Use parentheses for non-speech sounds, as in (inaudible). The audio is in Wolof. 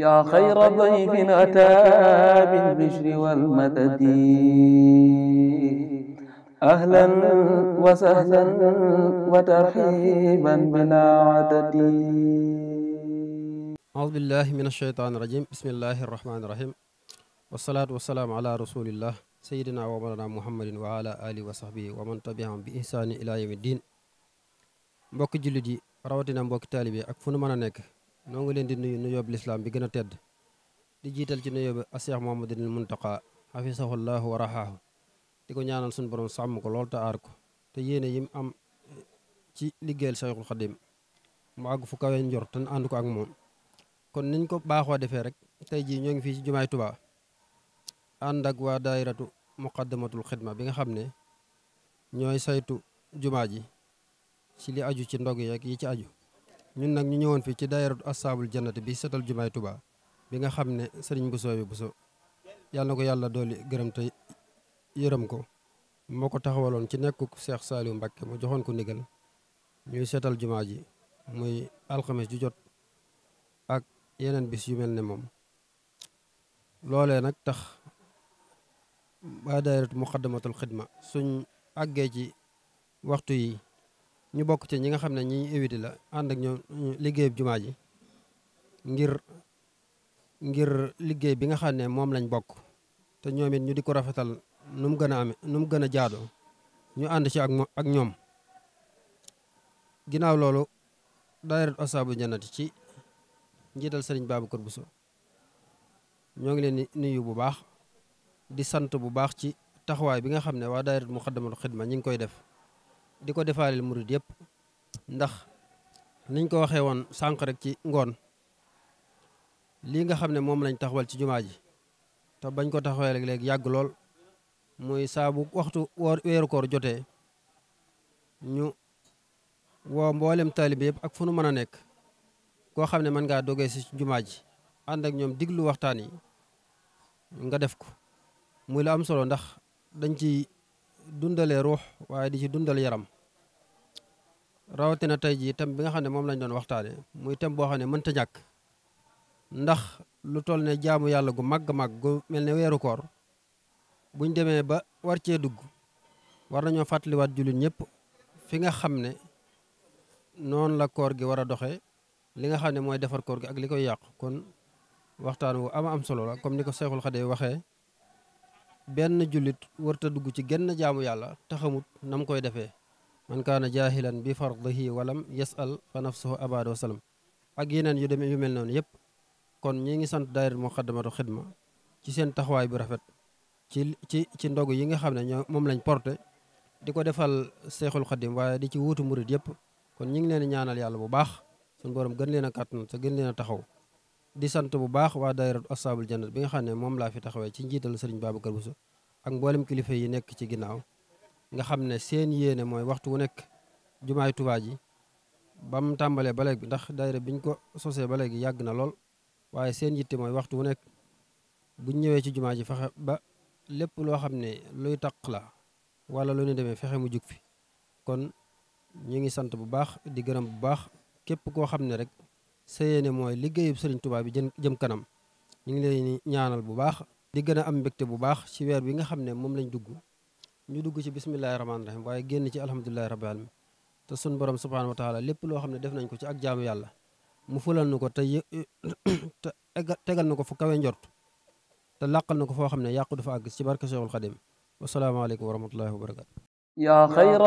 yaa xayra dayfin ataa bil bishri wal madadi wa sahlan wa tarhiiban bilaa adadi. auzu billaahi mina shaytaani rajiim bismillaahi rahmaani rahiim. wasalaatu wasalaamu ala rasulillah wa mawlaana muhammadin wa ala wa sahbihi bi ihsaani ilaa yawmi diin. mbokki jullit rawatina mbokki taalibe ak fu nu mën a nekk. noo ngi leen di nuyu nuyoob lislaam bi gën a tedd di jiital ci a moom nuyoo bi aseex Muhammadinil Muntaqa xafisahullahu wa rahaahu di ko ñaanal suñu borom sàmm ko loolu te aar ko te yi mu am ci liggéeyal Seexul Xadim mu àgg fu kawe njor te ànd ko ak moom kon niñ ko baaxoo defee rek tey jii ñoo ngi fii ci jumaay Tuubaa ànd ak waa daayiratu muqaddamatul xidma bi nga xam ne ñooy saytu jumaa ji ci li aju ci ndog yeeg yi ci aju ñun nag ñu ñëwoon fii ci daayiratu asaabul jannati bi setal jumaay Tuubaa bi nga xam ne sëriñ Bousso bi Bousso yàlla na ko yàlla dooli gërëm te yërëm ko moo ko taxawaloon ci nekku Cheikh Saliou Mbacké mu joxoon ko ndigal ñuy seetal jumaa ji muy alxames ju jot ak yeneen bis yu mel ne moom loolee nag tax ba daayiratu muqaddamatul xidma suñ àggee ci waxtu yi ñu bokk ci ñi nga xam ne ñi invité la ànd ak ñoom liggéey jumaa ji ngir ngir liggéey bi nga xam ne moom lañ bokk te ñoom it ñu di ko rafetal nu mu gën a ame nu mu gën a jaadoo ñu ànd ci ak ak ñoom ginnaaw loolu daayirat asaabu jannati ci njiital sëriñ Babacar Bousso ñoo ngi leen nuyu bu baax di sant bu baax ci taxawaay bi nga xam ne waa daayirat Muxaddamatul Xidma ñi ngi koy def di ko defaaleel murid yépp ndax niñ ko waxee woon sànq rek ci ngoon lii nga xam ne moom lañ taxawal ci jumaa ji te bañ ko taxawee rek léegi yàgg lool muy saabu waxtu woor weeru koor jotee ñu woo mboolem taalibe yëpp ak fu nu mën a nekk koo xam ne mën ngaa dogee ci jumaa ji ànd ak ñoom diglu waxtaan yi nga def ko muy la am solo ndax dañ ci dundalee ruux waaye di ci dundal yaram rawatina tey jii thème bi nga xam ne moom lañ doon waxtaane muy thème boo xam ne mënta ñàkk ndax lu toll ne jaamu yàlla gu màgg-màgg gu mel ne weeru koor buñ demee ba war cee dugg war nañoo fàttaliwaat jullit ñëpp fi nga xam ne noonu la koor gi war a doxe li nga xam ne mooy defar koor gi ak li koy yàq kon waxtaan wu am am solo la comme ni ko Seexul Xadiim waxee benn jullit warta dugg ci genn jaamu yàlla te xamut nam koy defee man kaana jaahilan bi far fardihi walam yasal fa nafsuhu abada wa salam ak yeneen yu demee yu mel noonu yëpp kon ñi ngi sant daayira muqaddamatu xidma ci seen taxawaay bu rafet ci ci ci ndogu yi nga xam ne ñoo moom lañ porte di ko defal seexul xadim waaye di ci wuutu murit yëpp kon ñi ngi leen ñaanal yàlla bu baax suñu borom gën leen a kàttan te gën leen a taxaw di sant bu baax waa daayiratu asaabul jannat bi nga xam ne moom laa fi taxawee ci njiital sëriñ Babacar Bousso ak mboolem kilifa yi nekk ci ginnaaw nga xam ne seen yéene mooy waxtu wu nekk jumaay Tuubaa ji ba mu tàmbalee ba léegi ndax daayira biñ ko sosee ba léegi yàgg na lool waaye seen yitte mooy waxtu wu nekk buñ ñëwee ci jumaa ji faxe ba lépp loo xam ne luy taq la wala lu ñu demee fexe mu jug fi kon ñu ngi sant bu baax di gërëm bu baax képp koo xam ne rek sa yéene mooy liggéeyub sëriñ Tuubaa bi jën jëm kanam ñu ngi leen ñaanal bu baax di gën a am mbégte bu baax ci weer bi nga xam ne moom lañ dugg ñu dugg ci bismillahi rahmaani rahim waaye génn ci alhamdulilahi rabbil alamin te sun borom subhaanahu wa taala lépp loo xam ne def nañ ko ci ak jaamu yàlla mu fulal nu ko te (coughs) tegal na ko fu kawe njort te làqal na ko foo xam ne yàqu dafa gis ci barke Seexul Xadim wasalaamaaleykum wa rahmatullahi wa barakatu yaa xayra